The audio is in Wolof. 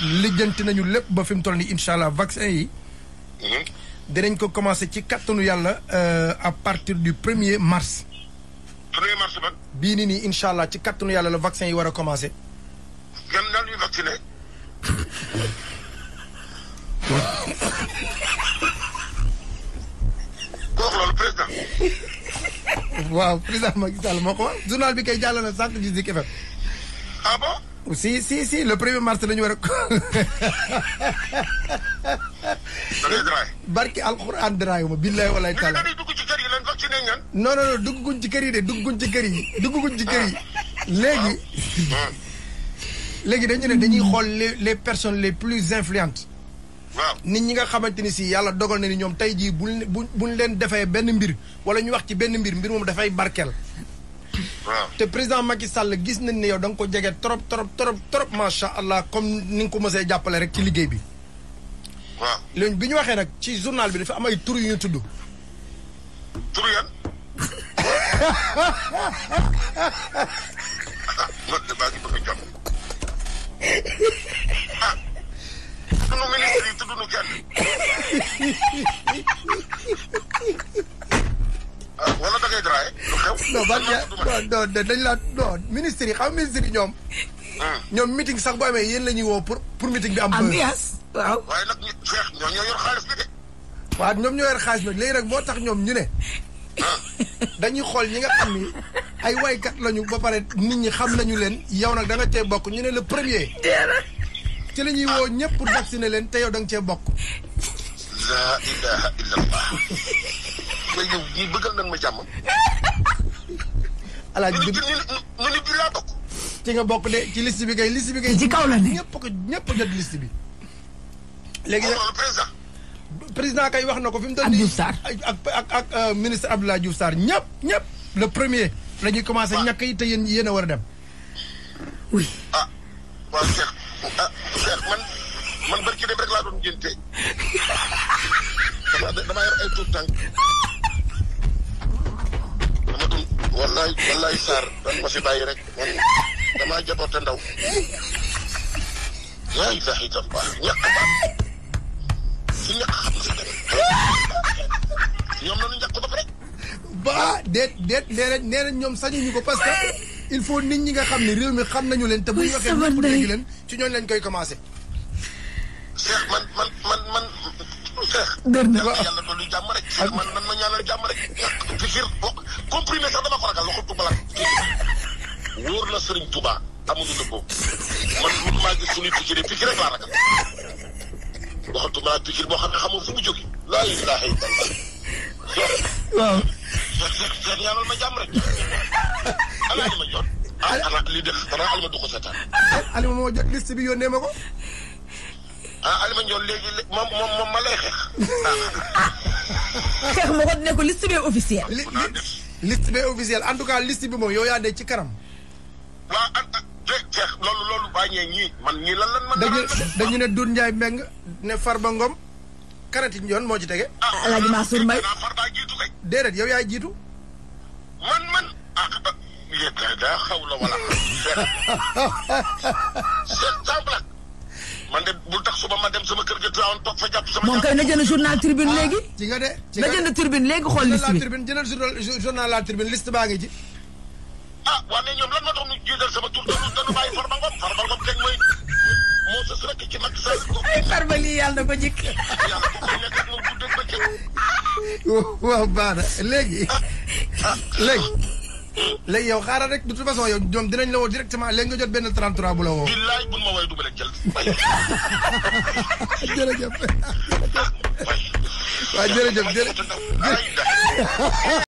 lijjanti nañu lépp ba fi mu toll nii incha allah vaccin yi. Mhm. dinañ ko commencé ci kattanu yàlla a euh, partir du premier mars. premier mars ban. bii nii nii incha allah ci kattanu yàlla la vaccin yi war a commencé. yan lan ñuy vacciné. ko bi kay jàll na sànq ci Zik FM. Ah si si si le premier mars la ñu war a. da ngay draay. barki alxuraan draayuma billaay walaay taala. mais dugg ci kër yi lan vacciné ngeen. ci kër yi de dugguñ ci yi dugguñ ci yi. Ah. léegi. Ah. Ah. léegi dañu ne dañuy xool les les personnes les plus influentes. waaw nit ñi nga xamante ni si yàlla dogal na ni ñoom tey jii bu ñu leen defee benn mbir wala ñu wax ci benn mbir mbir moom dafay barkeel. te président Macky Sall gis nañ ne yow da nga ko jege trop trop trop trop macha allah comme ni nga ko mësee jàppale rek ci liggéey bi. waaw léegi bi ñu waxee nag ci journal bi dafa am ay tur yu ñu tudd. tur yan. man de maa ngi bëgg a jàpp. ah sunu ministre yi tudd nu kenn. non Bardia non dañ laa non ministre yi xam ministre yi ñoom. Ah. ñoom meeting sax boo amee yéen la ñuy woo pour pour meeting bi am. ambiance waaw. waaye nag ñu feex ñoom ñoo yor xaalis bi de. waaw ñoom ñoo yor xaalis bi léegi nag moo tax ñoom ñu ne. Ah. dañuy xool ñi nga xam ni ay waykat lañu ba pare nit ñi xam nañu leen yow nag danga nga cee bokk ñu ne la premier. ci la ñuy woo ñëpp pour vacciner leen te yow cee bokk. la ilaha illallah. léegi ñu bëggal nañ ma jàmm. alaaj bi manipulateur ci nga bokk de ci liste bi kay liste bi kay ci kaw la ne ñëpp ko ñëpp jot liste bi léegi président président kay wax na ko fi mu doon Diouf Sarr ak euh, ministre Abdoulaye Diouf Sarr ñëpp ñëpp le premier lañuy ñuy commencé ñàkk yi te yéen yéen a war a dem oui ah, ah man barki dem rek laa doon ngénte dama wallaay wallaay Sarr dan ma si bàyyi rek man damaa jaboote ndaw yaa ilaha illallah ñàkk ba si ñàkk xam si dara ñoom nañu ñàkk ba pare ba déet déet nee ñoom sañuñu ko parce que il faut nit ñi nga xam ne réew mi xam nañu leen te bu ñu waxee ñëpp leen ci ñooñu lañ koy commencé Cheikh man feex. dër na waaw yàlla dolli jàmm rek. ak man man ma ñaanal jàmm rek. fiir bokk comprimé sax dama ko ragal loxo du balaa. wóor na Serigne Touba amuñu dëggoo man man maa gis suñuy pikir pikir rek laa ragal waxatu ma pikir boo xam ne xamoo fu mu jógee. laa ilaaha illallaah. waaw. ñaanal ma jàmm rek. alaaji ma jot. ah alima lii def dara alima du ko seetaan. alima moo jot liste bi yónnee ma ko. a ah, Alima Ndiol léegi moom moom moom ma lay xeex. ah. xeex ma ko ne ko liste bee officiel. liste bee officiel en tout cas liste bi moom yow yaa de ci kanam. waaw ah jeex loolu loolu bàññee dañu ne Doudou Ndiaye Mbengue far ba Ngom. karati yoon moo ci tege. ah El Hadj ah, Mansour ah, Mbaye. déedéet yow yaay jiitu. man man ah ah. daa xaw la wala. c'est man de bul tax suba ma dem sama kër ga Tivaouane toog fa jàpp sama. tribune ah, léegi. ci nga de na jënd tribune léegi xool liste bi jëndal journal la tribune liste baa ngi a ah waa mais ñoom lan moo sama tur dañu dañu bàyyi ci Macky Sall. ay Farba lii yàlla na ko njëkk. yàlla na ko njëkk ba ci. waaw baax na léegi ah, ah. léegi. léegi yow xaaral rek de toute façon yow ñoom dinañ la woo directement léegi nga jot benn 33 bu la woo. billaay bu ma woowee du ma leen jël. jërëjëf. waaw